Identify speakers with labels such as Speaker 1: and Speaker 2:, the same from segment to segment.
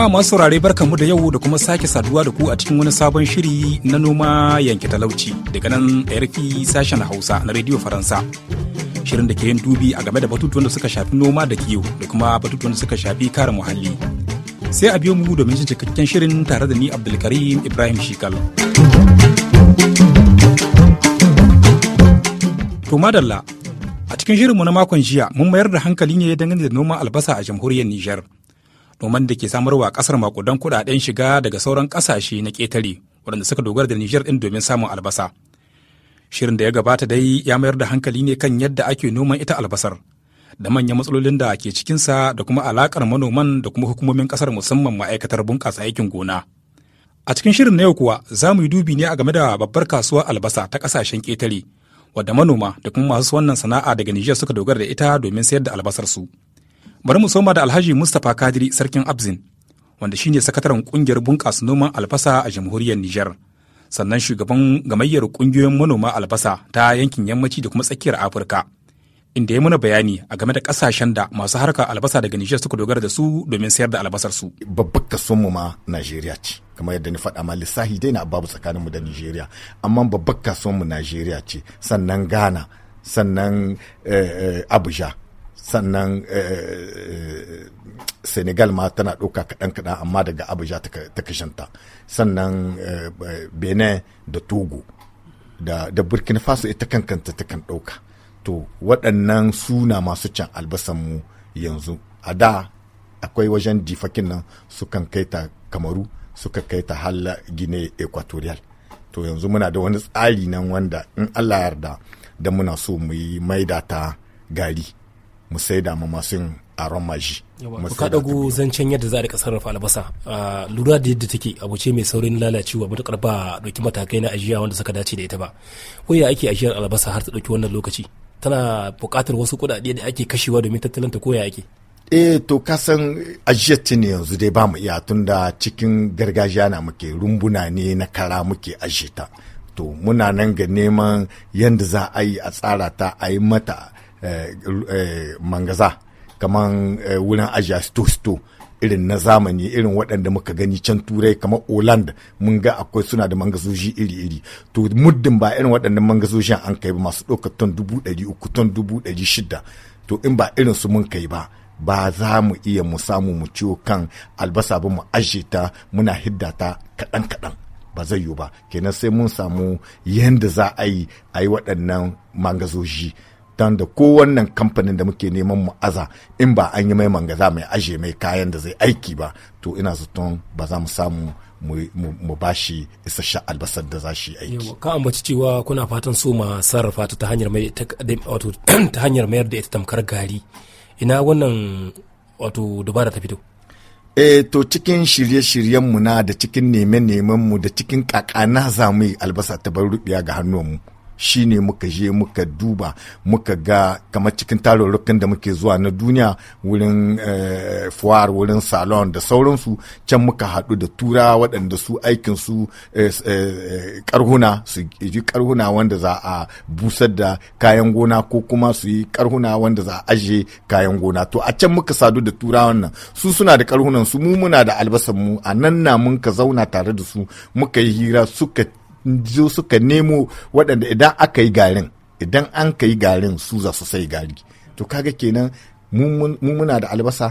Speaker 1: Jama'a masu saurare mu da yau da kuma sake saduwa da ku a cikin wani sabon shiri na noma yanke talauci daga nan RFI sashen Hausa na Radio Faransa. Shirin da ke yin dubi a game da batutuwan da suka shafi noma da kiyo da kuma batutuwan da suka shafi kare muhalli. Sai a biyo mu domin cikakken shirin tare da ni Abdulkarim Ibrahim Shikal. To madalla, a cikin shirinmu na makon jiya mun mayar da hankali ne dangane da noman albasa a jamhuriyar Nijar. noman da ke samarwa kasar makudan kudaden shiga daga sauran kasashe na ƙetare waɗanda suka dogara da Nijar ɗin domin samun albasa. Shirin da ya gabata dai ya mayar da hankali ne kan yadda ake noman ita albasar da manyan matsalolin da ke cikinsa da kuma alaƙar manoman da kuma hukumomin kasar musamman ma'aikatar bunƙasa aikin gona. A cikin shirin na yau kuwa za mu yi dubi ne a game da babbar kasuwar albasa ta ƙasashen ƙetare wadda manoma da kuma masu wannan sana'a daga Nijar suka dogara da ita domin sayar da albasar su. bari mu soma da alhaji mustapha kadiri sarkin abzin wanda shine sakataren kungiyar bunƙasa noman albasa a jamhuriyar nijar sannan shugaban gamayyar kungiyoyin manoma albasa ta yankin yammaci da kuma tsakiyar afirka inda ya muna bayani a game da
Speaker 2: kasashen da masu harka albasa daga nijar suka dogara da su domin sayar da albasar su babbar kasuwanmu ma najeriya ce kamar yadda ni faɗa ma lissahi dai na babu tsakaninmu da nijeriya amma babbar mu najeriya ce sannan ghana sannan eh, eh, abuja sannan eh, eh, senegal ma tana ɗauka kaɗan-kaɗan amma daga abuja ta kashanta sannan eh, benin da togo da, burkina faso ita kankanta ta kan ɗauka to waɗannan suna masu can albasanmu yanzu a da akwai wajen difakin nan sukan kai ta kamaru suka kai ta hala gine equatorial to yanzu muna da wani tsari nan wanda in allah yarda da muna so mu yi maida ta gari mu saida ma masu yin aron maji ka dago
Speaker 3: zancen yadda za a rika sarrafa albasa lura da yadda take abu ce mai saurin lalacewa matukar ba ɗauki matakai na ajiya wanda suka dace da ita ba ko ya ake ajiyar albasa har ta ɗauki wannan lokaci tana buƙatar wasu kuɗaɗe da ake kashewa domin tattalin ko ya ake
Speaker 2: eh to kasan ajiyar ne yanzu dai ba mu iya tun da cikin gargajiya na muke rumbuna ne na kara muke ajiyata to muna nan ga neman yadda za a yi a tsara ta a yi mata Eh, eh, mangaza kamar eh, wurin ajiya sito-sito irin na zamani irin waɗanda muka gani can turai kamar oland mun ga akwai suna da mangasoshi iri-iri to muddin ba irin waɗannan mangasoshin an kai ba masu ɗaukar ton dubu ɗari uku ton dubu ɗari shida to in ba irin su mun kai ba ba za mu iya mu samu mu ciwo kan albasa ba mu ajiye ta muna hidda ta kaɗan-kaɗan ba zai yiwu ba kenan sai mun samu yadda za a yi a yi waɗannan mangazoji tan da wannan kamfanin da muke neman mu aza in ba an yi mai mangaza mai aje mai kayan da zai aiki ba to ina zaton ba za mu samu mu ba shi isasshen albasar da za shi
Speaker 3: aiki. ka ambaci cewa kuna fatan so ma sarrafa ta hanyar ta hanyar mayar da ita tamkar gari ina wannan wato dubara ta fito.
Speaker 2: E to cikin shirye-shiryenmu na da cikin neme-nemenmu da cikin kakana za mu yi albasa ta bar rubiya ga mu. Shi shine muka je muka duba muka ga kamar cikin tarurrukan da muke zuwa na duniya wurin eh, fuwar wurin salon da sauransu can muka haɗu da tura waɗanda su aikin su karhuna eh, eh, su yi karhuna wanda za a busar da kayan gona ko kuma su yi karhuna wanda za a aje kayan gona to a can muka sadu da tura nan su suna da karhunan su mu muna da albasan mu a nan na mun ka zauna tare da su muka yi hira suka zo suka nemo waɗanda idan aka yi garin idan an ka yi garin su za su sai gari to kaga kenan mu muna da albasa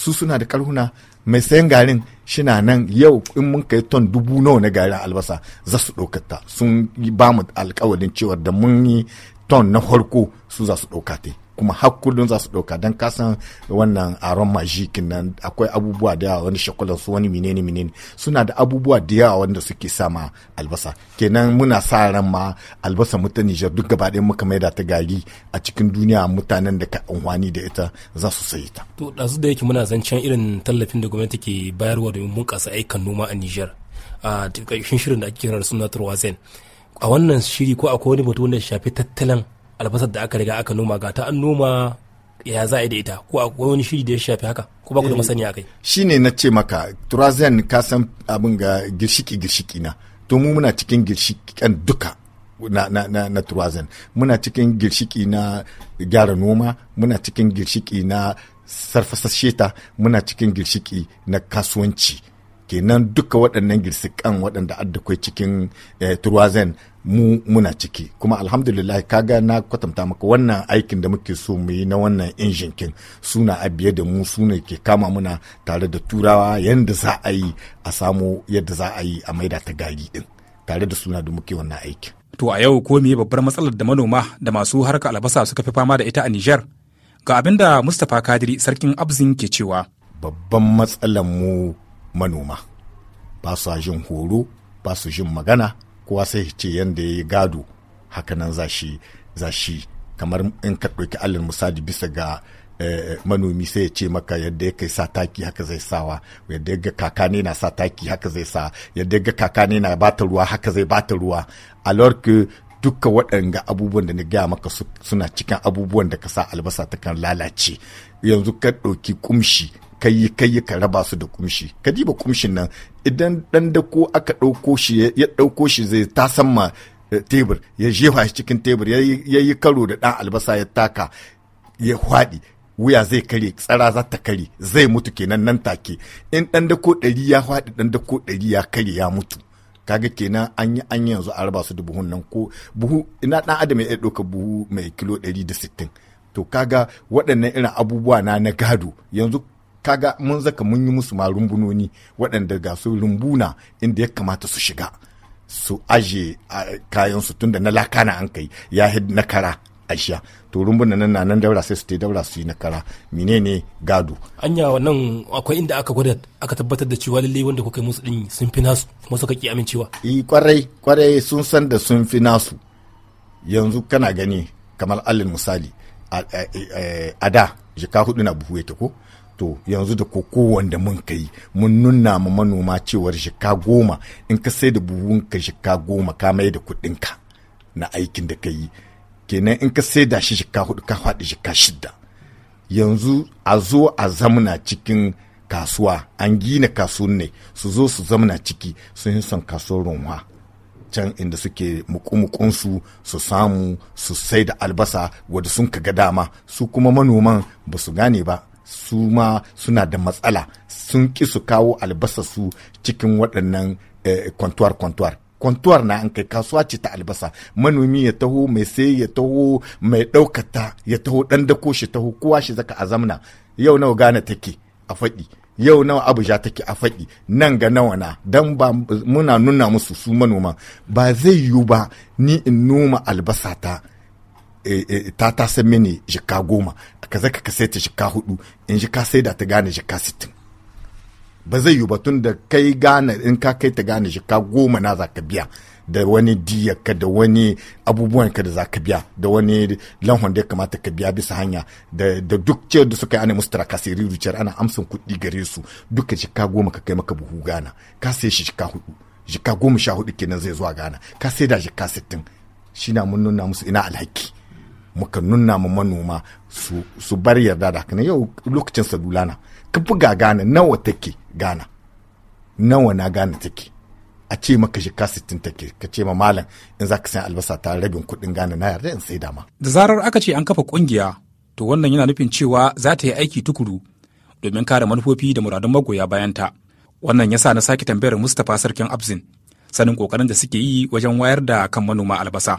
Speaker 2: su suna da karhuna mai sayan garin shina nan yau in mun kai ton dubu nawa na garin albasa za su ɗaukata sun ba mu alkawalin cewa da mun yi ton na farko su za su ɗauka kuma har kullum za su ɗauka don kasan wannan aron majik nan akwai abubuwa da yawa wani shakulan su wani minene minene suna da abubuwa da yawa wanda suke sama albasa kenan muna sa ran ma albasa mu ta Nijar duk gaba ɗaya muka maida ta gari a cikin duniya mutanen da ka anhwani da ita za su sayi ta.
Speaker 3: To ɗazu da yake muna zancen irin tallafin da gwamnati ke bayarwa domin bunƙasa aikan noma a Nijar a ƙarshen shirin da ake kiran suna Turwazen. A wannan shiri ko akwai wani batu wanda shafi tattalin albasar da aka riga aka noma ga ta an noma ya za a da ita ko akwai wani shiri da ya shafi haka ko ba ku da masaniya kai
Speaker 2: ne na ce maka turazen ka san abin ga girshiki girshiki na to mu muna cikin girshikan duka na, na, na, na turazen muna cikin girshiki na gyara noma muna cikin girshiki na sarfasassheta muna cikin girshiki na kasuwanci kenan duka waɗannan girsikan waɗanda addakwai cikin eh, turwazen mu muna ciki kuma alhamdulillah kaga na kwatanta maka wannan aikin da muke so mu yi na wannan injin kin suna a biye da mu suna ke kama muna tare da turawa yadda za a yi a samu yadda za a yi a maida ta gari din tare da suna da muke wannan aikin
Speaker 1: to a yau ko meye babbar matsalar da manoma da masu harka albasa suka fi fama da ita a Nijar ga abinda Mustapha
Speaker 2: Kadiri sarkin Abzin ke cewa babban matsalar mu manoma ba sa jin horo ba su jin magana kowa sai ce yadda ya yi gado hakanan zashi zashi kamar in ka ɗauki alal misali bisa ga eh, manomi sai ya ce maka yadda ya kai sa taki haka zai sawa yadda ya ga kaka ne na sa taki haka zai sa yadda ya ga kaka ne na bata ruwa haka zai bata ruwa a duka waɗanga abubuwan da na gaya maka suna cikin abubuwan da ka sa albasa ta kan lalace yanzu ka ɗauki kumshi kai kai ka raba su da kumshi ka diba kumshin nan idan dan da ko aka ɗauko shi ya ɗauko shi zai ta samma eh, tebur ya jefa shi cikin tebur ya yi karo da ɗan albasa ya taka ya hwadi wuya zai kare tsara za ta kare zai mutu kenan nan take in dan da ko ɗari ya hwadi dan da ko ɗari ya kare ya mutu kaga kenan an yi an yanzu a raba su da buhun nan ko buhu ina dan adam ya ɗauka buhu mai kilo ɗari da sittin to kaga waɗannan irin abubuwa na na gado yanzu kaga mun zaka mun yi musu ma rumbunoni waɗanda ga su rumbuna inda ya kamata su shiga su aje kayan su tunda na lakana an kai ya na kara aisha to rumbunan nan nan daura sai su te daura su yi na kara menene gado
Speaker 3: anya wannan akwai inda aka gwada aka tabbatar da cewa lalle wanda kuka musu din sun fi nasu kuma suka ki amincewa
Speaker 2: eh kwarai kwarai sun san da sun fi nasu yanzu kana gani kamar alin misali a da jika hudu na buhu yake ko to yanzu da koko wanda mun kai mun nuna ma manoma cewar shika goma in ka sai da ka shika goma ka mai da kuɗinka na aikin da ka yi kenan in ka sai da shi shika hudu ka faɗi shika shida yanzu a zo a zamna cikin kasuwa an gina kasuwan su zo su zamna ciki sun yi son kasuwar runwa can inda suke mukumukunsu su samu su sai da albasa wadda sun kaga dama su kuma manoman ba su gane ba su ma suna da matsala sun ƙi su kawo albasa su cikin waɗannan kwantuwar-kwantuwar eh, kwantuwar na an kai kasuwa ce ta albasa manomi ya taho mai sai ya taho mai ɗaukata ya taho ɗan dako shi taho kowa shi zaka a zamna yau nawa gana take a faɗi yau nawa abuja take a faɗi nan ga nawa na don ba muna nuna musu su manoma ba zai yiwu ba ni in noma albasa ta Eh, eh, ta ta san mini jika goma ka zaka ka sai ta jika hudu in jika sai da ta gane jika sittin ba zai yi batun da kai gane in ka kai ta gane jika goma na za ka biya da wani diyarka da wani abubuwan ka da za biya da wani lanhon da ya kamata ka biya bisa hanya da, duk ce da suka yi ana musu tarakasi riruciyar ana amsan kuɗi gare su duka jika goma ka kai maka buhu gana ka sai shi jika hudu jika goma sha hudu kenan zai zuwa gana ka sai da jika sittin shi na mun nuna musu ina alhaki muka nuna ma manoma su bar yarda da haka yau lokacin sadula ka buga gana nawa take gana nawa na gana take a ce maka shika 60 take ka ce ma malam in za ka san albasa ta rabin kuɗin gana na yarda in sai dama
Speaker 1: da zarar aka ce an kafa kungiya to wannan yana nufin cewa za ta yi aiki tukuru domin kare manufofi da muradun magoya bayanta wannan yasa na sake tambayar mustapha sarkin abzin sanin kokarin da suke yi wajen wayar da kan manoma albasa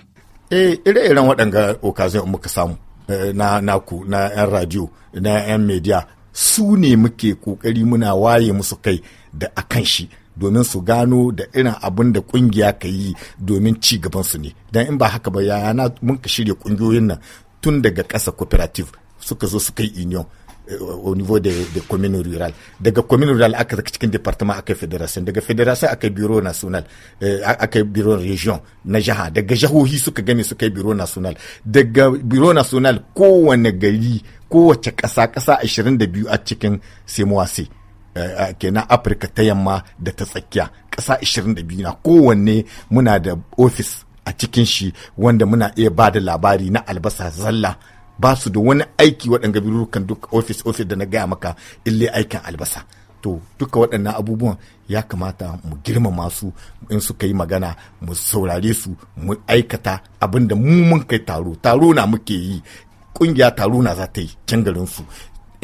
Speaker 2: eh ire-iren waɗanga okazin muka samu eh, na naku na 'yan radio na 'yan media su ne muke kokari muna waye musu kai da akan shi domin su gano da irin abin da kungiya ka yi domin ci gaban su ne dan in ba haka ba yana mun ka shirya kungiyoyin nan tun daga ƙasa cooperative suka zo suka yi union au niveau des, des communes rurales daga commune rural aka cikin département ak fédération daga fédération aka bureau national eh, aka bureau région na jaha daga jahohi suka gani suka bureau national daga bureau national kowane gari kowace ƙasa ƙasa 22 a cikin semuwasi eh, kenan afirka ta yamma da ta tsakiya ƙasa 22 na kowanne muna da ofis a cikin shi wanda muna iya ba da labari na albasa zalla ba su da wani aiki waɗanda birurukan duk ofis ofis da na gaya maka ille aikin albasa to duka waɗannan abubuwan ya kamata mu girmama su in suka yi magana mu saurare su mu aikata abin da mu mun kai taro taro na muke yi kungiya taro na za ta yi can garin su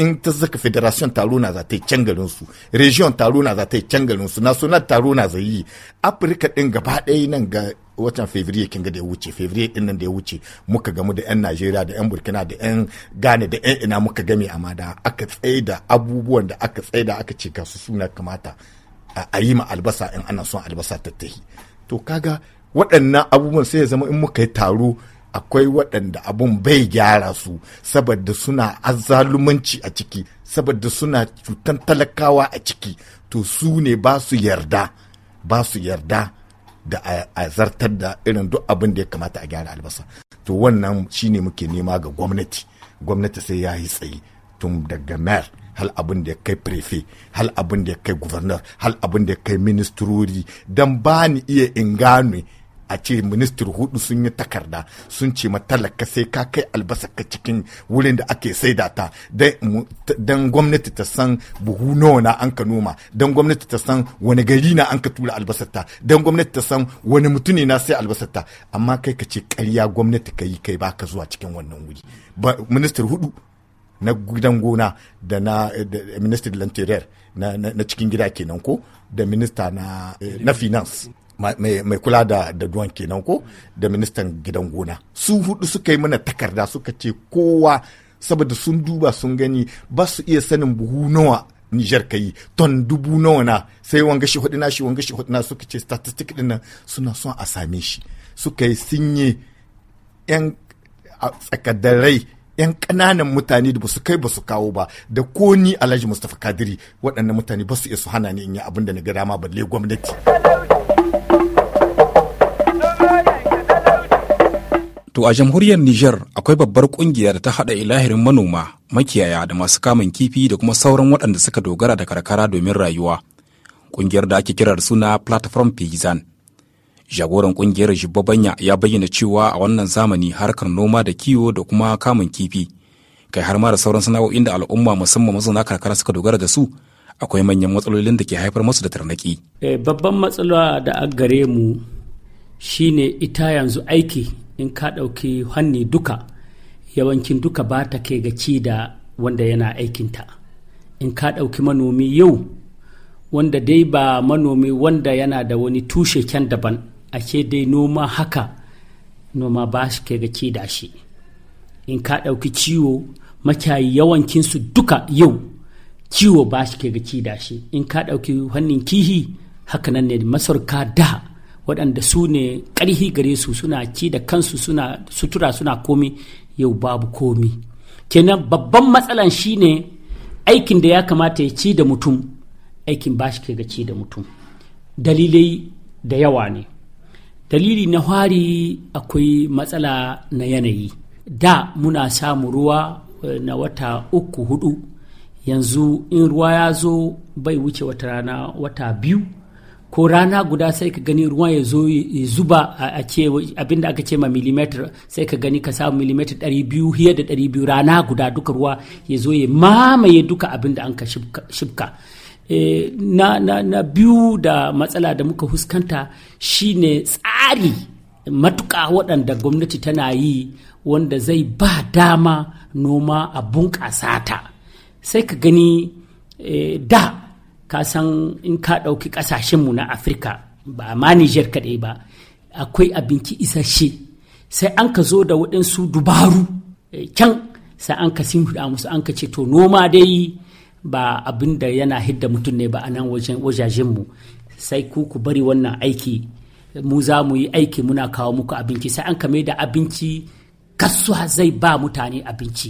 Speaker 2: in ta zaka federation taro na za ta yi can garin su region taro na za ta yi can garin su national taro na zai yi afirka din gaba ɗaya nan ga watan fevrier kin da ya wuce fevrier din nan da ya wuce muka gamu da yan najeriya da yan burkina da yan ghana da yan ina muka game amma da aka tsaida abubuwan da aka tsaida aka ce ka su suna kamata a yi ma albasa in ana son albasa ta tahi to kaga waɗannan abubuwan sai ya zama in muka yi taro akwai waɗanda abun bai gyara su saboda suna azalumanci a ciki saboda suna cutan talakawa a ciki to su ne ba su yarda ba su yarda da a zartar da irin duk abin da ya kamata a gyara albasa to wannan shine muke nema ga gwamnati gwamnati sai ya yi tsaye tun daga mayor hal abin da ya kai prefe hal abin da ya kai governor hal abin da ya kai ministrori don ba ni iya ingane a ce ministir hudu sun yi takarda sun ce matalaka sai ka kai albasa ka cikin wurin da ake saida ta don gwamnati ta san buhu nawa na an ka noma don gwamnati ta san wani gari na an ka tura albasarta don gwamnati ta san wani mutune na sai albasarta amma kai ka ce karya gwamnati ka yi kai ba ka zuwa cikin wannan wuri ministir hudu na gidan gona da na minister de na, cikin gida kenan ko da minista na eh, finance mai kula da da duwan kenan ko da ministan gidan gona su hudu suka yi mana takarda suka ce kowa saboda sun duba sun gani ba su iya sanin buhu nawa Nijar ka yi ton dubu nawa na sai wanga shi hudu na shi wanga shi hudu na suka ce statistic dinnan suna son a same shi suka yi sinye yan tsakadarai yan ƙananan mutane da basu kai basu kawo ba da ko ni Alhaji Mustapha Kadiri waɗannan mutane ba su iya su hana ni in yi abin da na ga dama balle gwamnati.
Speaker 1: To a jamhuriyar Nijar akwai babbar kungiya da ta haɗa ilahirin manoma, makiyaya da masu kamun kifi da kuma sauran waɗanda suka dogara da karkara domin rayuwa. Kungiyar da ake kirar suna Platform Pizan. Jagoran kungiyar Banya ya bayyana cewa a wannan zamani harkar noma da kiwo da kuma kamun kifi. Kai har ma da sauran sana'o'in da al'umma musamman mazauna karkara suka dogara da su akwai manyan matsalolin da ke haifar masu da tarnaki.
Speaker 3: Eh,
Speaker 4: babban matsala da a gare mu shine ita yanzu aiki in ka ɗauki hanni duka yawancin duka ba ta ke ga da wanda yana aikinta in ka ɗauki manomi yau wanda dai ba manomi wanda yana da wani tushe kyan daban ashe dai noma haka noma ba shi ke ga da shi in ka ɗauki ciwo makiyayi yawancinsu duka yau ciwo ba shi ke ga da shi in ka ɗauki hannun kihi haka nan ne masarka da waɗanda su ne ƙarhi gare su suna ci da kansu suna sutura suna komi yau babu komi kenan babban matsalan shine aikin da ya kamata ya ci da mutum aikin ba shi ga ci da mutum dalilai da yawa ne dalili na hari akwai matsala na yanayi da muna samu ruwa eh, na wata uku hudu yanzu in ruwa ya zo bai wuce wata rana wata biyu ko rana guda sai ka gani ruwa ya zo ya zuba a ce abinda aka ce ma millimeter sai ka gani ka samu millimeter biyu hiyar da biyu rana guda duka ruwa ya zo ya mamaye duka abinda an ka shibka e, na, biyu da matsala da muka huskanta shine tsari matuka waɗanda gwamnati tana yi wanda zai ba dama noma a bunƙasa ta sai ka gani e, da ka san in ka ɗauki ƙasashenmu na afirka ba ma niger kaɗai ba akwai abinci isasshe sai an ka zo da waɗansu dubaru kyan eh, sai an ka simfuda musu an ka ce to noma dai ba abin da yana hidda mutum ne ba a nan wajajenmu sai ku ku bari wannan aiki mu za mu yi aiki muna kawo muku abinci sai an ka mai da abinci kasuwa zai ba mutane abinci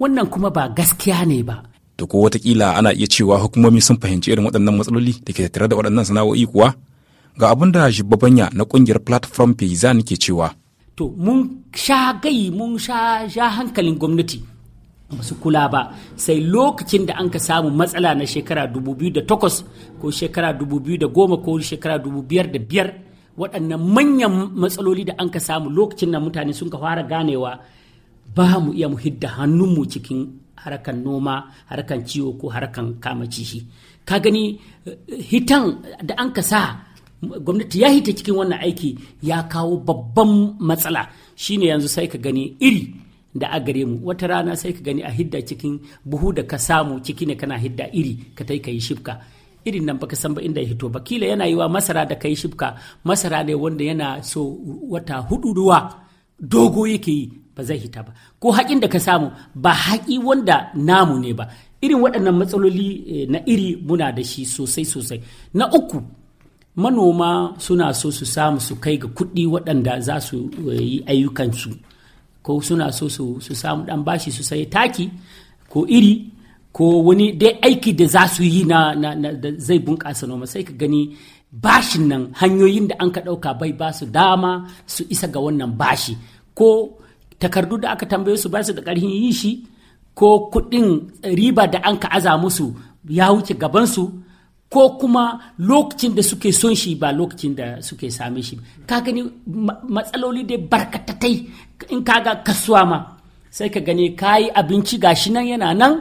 Speaker 4: wannan kuma ba gaskiya ne ba
Speaker 1: to ko watakila ana iya cewa hukumomi sun fahimci irin waɗannan matsaloli da ke tattare da waɗannan sana'o'i kuwa ga abin da shibbabanya na ƙungiyar platform peizan ke cewa
Speaker 4: to mun sha gai mun sha sha hankalin gwamnati masu kula ba sai lokacin da an ka samu matsala na shekara 2008 ko shekara 2010 ko shekara biyar waɗannan manyan matsaloli da an ka samu lokacin na mutane sun ka fara ganewa ba mu iya mu hidda hannunmu cikin harkan noma harkan ciwo ko harkan kama cishi ka gani eh, hitan da an ka sa gwamnati ya hita cikin wannan aiki ya kawo babban matsala shine yanzu sai ka gani iri da a gare mu wata rana sai ka gani a hidda cikin buhu da ka samu ciki ne kana hidda iri ka tai ka yi shifka irin nan baka san ba inda ya hito ba kila yana yiwa masara da kai shifka masara ne wanda yana so wata hudu ruwa dogo yake yi ba zai hita ba ko haƙin da ka samu ba haƙi wanda namu ne ba irin waɗannan matsaloli eh, na iri muna da shi sosai sosai na uku manoma suna so su samu su kai ga kuɗi waɗanda za su eh, yi ayyukansu ko suna so su samu ɗan bashi su sayi taki ko iri ko wani dai aiki da za su yi na, zai bunƙasa noma sai ka gani bashin nan hanyoyin da an ka ɗauka bai ba su dama su isa ga wannan bashi ko takardu da aka tambaye su basu da ƙarfin yin shi ko kuɗin riba da an ka aza musu ya wuce gabansu ko kuma lokacin da suke son shi ba lokacin da suke same shi ka gani matsaloli dai barkatatai in kaga kasuwa ma sai ka gani kayi abinci gashi nan yana nan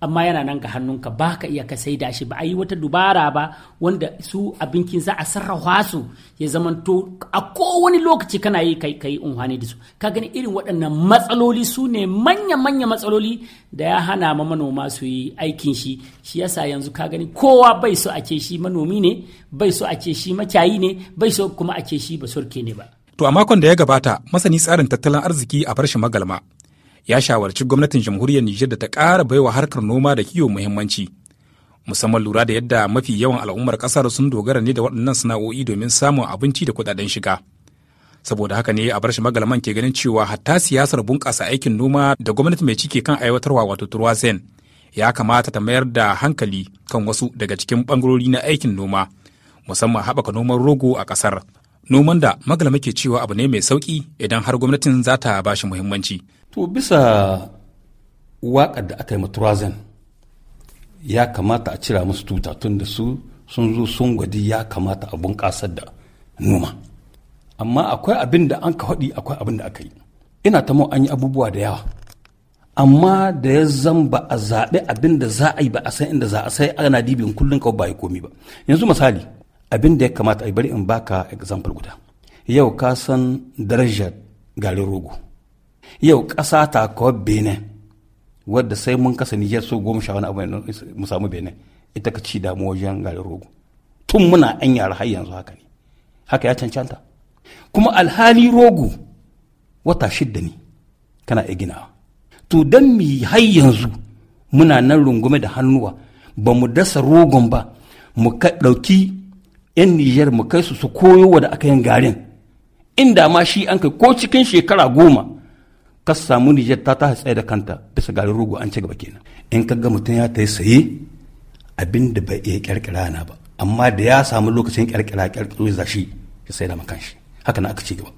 Speaker 4: amma yana nan ga hannunka ba ka iya ka sai da shi ba a yi wata dubara ba wanda su abinkin za a sarrafa su ya zamanto a kowane lokaci kana yi kai kai unhani da su ka gani irin waɗannan matsaloli su ne manya manya matsaloli da ya hana ma manoma su yi aikin shi shi yasa yanzu ka gani kowa bai so a ce shi manomi ne bai so a ce shi makiyayi ne bai so kuma a ce shi ba ne ba
Speaker 1: to a makon da ya gabata masani tsarin tattalin arziki a farshin magalma ya shawarci gwamnatin jamhuriyar Nijar da ta ƙara baiwa harkar noma da kiwo muhimmanci. Musamman lura da yadda mafi yawan al'ummar ƙasar sun dogara ne da waɗannan sana'o'i domin samun abinci da kuɗaɗen shiga. Saboda haka ne a barshi magalaman ke ganin cewa hatta siyasar bunƙasa aikin noma da gwamnati mai cike kan aiwatarwa wato Turwasen ya kamata ta mayar da hankali kan wasu daga cikin ɓangarori na aikin noma musamman haɓaka noman rogo a ƙasar. noman da magala muke cewa abu ne mai sauki idan har gwamnatin za ta ba shi muhimmanci.
Speaker 5: To bisa waƙar da aka yi maturazan ya kamata a cira musu tuta tun da su sun zo sun gwadi ya kamata a bunƙasar da noma. Amma akwai abin da an ka haɗi akwai abin da aka yi. Ina ta an yi abubuwa da yawa. Amma da ya zan ba a zaɓi abin da za a yi ba a san inda za a sai ana dibin kullum kawai ba ya komi ba. Yanzu misali abin da ya kamata a bari in baka example guda yau ka san darajar garin rogo yau ƙasa ta kawo bene wadda sai mun kasa nijar so goma sha wani abu mu samu benin ita ka ci damu wajen garin rogo tun muna an yara har yanzu haka ne haka ya cancanta kuma alhali rogo wata shidda ne kana iya ginawa to dan mi har yanzu muna nan rungume da hannuwa ba mu dasa rogon ba mu ɗauki 'yan Nijar mu kai su su koyo wa da aka yin garin inda ma shi an kai ko cikin shekara goma ka samu Nijar ta ta tsaye da kanta bisa garin rogo an ci gaba kenan in ka ga mutum ya ta yi saye abin da bai iya kyarkira na ba amma da ya samu lokacin kyarkira kyarkira za shi ya sai da kanshi haka na aka ci gaba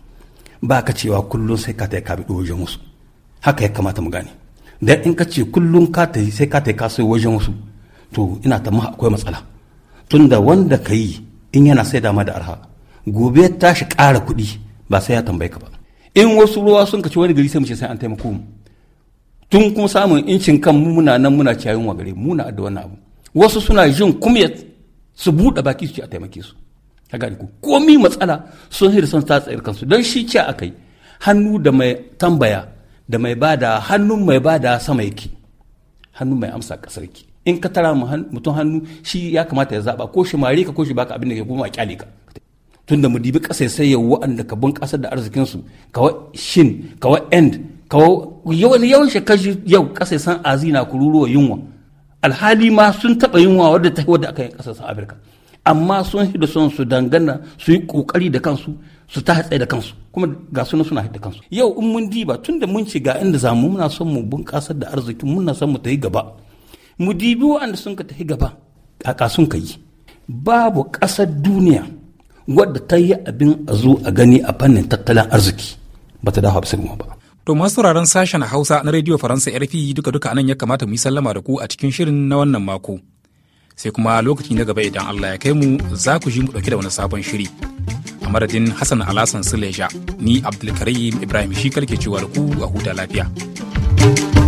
Speaker 5: ba ka cewa kullum sai ka ta yi kabi wajen wasu haka ya kamata mu gane da in ka ce kullum ka ta yi sai ka ta yi wajen wasu to ina ta akwai matsala tunda wanda ka yi in yana sai dama da arha gobe tashi ƙara kuɗi ba sai ya tambaye ka ba in wasu ruwa sun kaci wani gari sai mu ce sai an taimako mu tun kuma samun incin kan mu muna nan muna ciyayin wa gare muna adda wannan abu wasu suna jin kuma su buɗe baki su ce a taimake su ka gani ko komi matsala sun hira sun ta tsayar kansu dan shi ce akai hannu da mai tambaya da mai bada hannun mai bada sama yake hannun mai amsa kasar ki in ka tara mutum hannu shi ya kamata ya zaba ko shi mare ka ko shi baka abin da ya goma a kyale ka tunda mu dibi kasaisai wa'anda ka bunƙasa da ka wa shin wa end kawa yawan yawan shekaru yau san azina kururuwa yunwa alhali ma sun taba yunwa wadda ta wadda aka yi san afirka amma sun da son su dangana su yi kokari da kansu su ta hatsai da kansu kuma ga suna suna hidda kansu yau in mun diba tunda mun shiga inda zamu muna son mu bunƙasa da arzikin muna son mu ta yi gaba mu dibi wa'anda sun ka tafi gaba a sun ka yi babu ƙasar duniya wadda ta yi abin a zo a gani a fannin tattalin arziki ba ta dawo a ba
Speaker 1: To masu sauraron sashen Hausa na rediyo Faransa RFI duka-duka anan ya kamata mu yi sallama da ku a cikin shirin na wannan mako. Sai kuma lokaci na gaba idan Allah ya kai mu za ku ji mu ɗauki da wani sabon shiri. A madadin Hassan Alasan Suleja, ni Abdulkarim Ibrahim shi ke cewa da ku a huta lafiya. thank you